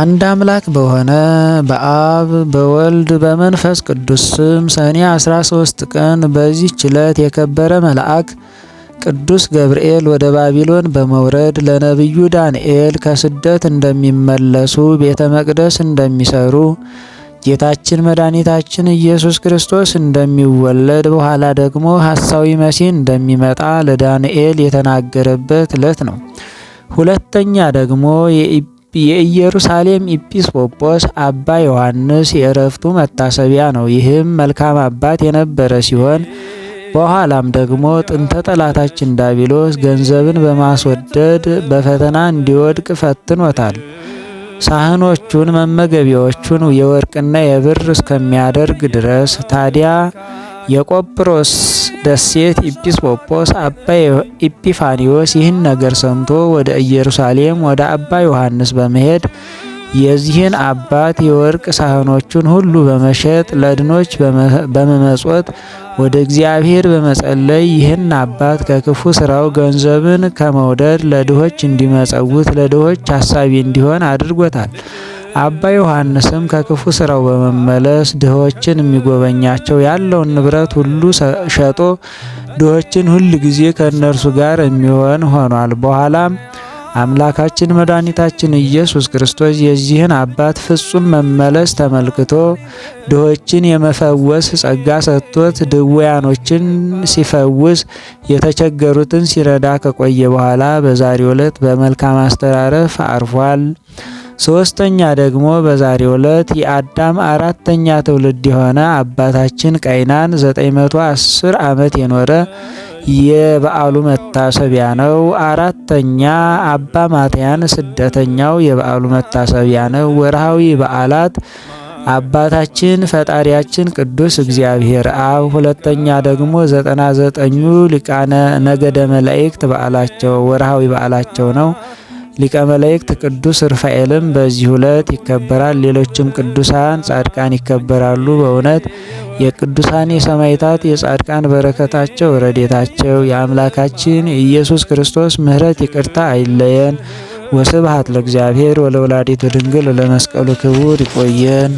አንድ አምላክ በሆነ በአብ በወልድ በመንፈስ ቅዱስ ስም ሰኔ 13 ቀን በዚህ ችለት የከበረ መልአክ ቅዱስ ገብርኤል ወደ ባቢሎን በመውረድ ለነቢዩ ዳንኤል ከስደት እንደሚመለሱ ቤተ መቅደስ እንደሚሰሩ ጌታችን መድኃኒታችን ኢየሱስ ክርስቶስ እንደሚወለድ በኋላ ደግሞ ሐሳዊ መሲህ እንደሚመጣ ለዳንኤል የተናገረበት ዕለት ነው። ሁለተኛ ደግሞ የኢየሩሳሌም ኢጲስቆጶስ አባ ዮሐንስ የእረፍቱ መታሰቢያ ነው። ይህም መልካም አባት የነበረ ሲሆን በኋላም ደግሞ ጥንተ ጠላታችን ዳቢሎስ ገንዘብን በማስወደድ በፈተና እንዲወድቅ ፈትኖታል። ሳህኖቹን መመገቢያዎቹን የወርቅና የብር እስከሚያደርግ ድረስ ታዲያ የቆጵሮስ ደሴት ኢጲስቆጶስ አባ ኢጲፋኒዎስ ይህን ነገር ሰምቶ ወደ ኢየሩሳሌም ወደ አባ ዮሐንስ በመሄድ የዚህን አባት የወርቅ ሳህኖቹን ሁሉ በመሸጥ ለድኖች በመመጾት ወደ እግዚአብሔር በመጸለይ ይህን አባት ከክፉ ስራው ገንዘብን ከመውደድ ለድሆች እንዲመጸውት ለድሆች አሳቢ እንዲሆን አድርጎታል። አባ ዮሐንስም ከክፉ ስራው በመመለስ ድሆችን የሚጎበኛቸው ያለውን ንብረት ሁሉ ሸጦ ድሆችን ሁል ጊዜ ከእነርሱ ጋር የሚሆን ሆኗል። በኋላም አምላካችን መድኃኒታችን ኢየሱስ ክርስቶስ የዚህን አባት ፍጹም መመለስ ተመልክቶ ድሆችን የመፈወስ ጸጋ ሰጥቶት ድውያኖችን ሲፈውስ የተቸገሩትን ሲረዳ ከቆየ በኋላ በዛሬው ዕለት በመልካም አስተራረፍ አርፏል። ሶስተኛ ደግሞ በዛሬው ዕለት የአዳም አራተኛ ትውልድ የሆነ አባታችን ቀይናን 910 ዓመት የኖረ የበዓሉ መታሰቢያ ነው። አራተኛ አባ ማትያን ስደተኛው የበዓሉ መታሰቢያ ነው። ወርሃዊ በዓላት አባታችን ፈጣሪያችን ቅዱስ እግዚአብሔር አብ፣ ሁለተኛ ደግሞ ዘጠና ዘጠኙ ሊቃነ ነገደ መላእክት በዓላቸው ወርሃዊ በዓላቸው ነው። ሊቀ መላእክት ቅዱስ ሩፋኤልም በዚህ ዕለት ይከበራል። ሌሎችም ቅዱሳን ጻድቃን ይከበራሉ። በእውነት የቅዱሳን የሰማዕታት የጻድቃን በረከታቸው ረዴታቸው የአምላካችን የኢየሱስ ክርስቶስ ምሕረት ይቅርታ አይለየን። ወስብሐት ለእግዚአብሔር ወለወላዲቱ ድንግል ለመስቀሉ ክቡር። ይቆየን።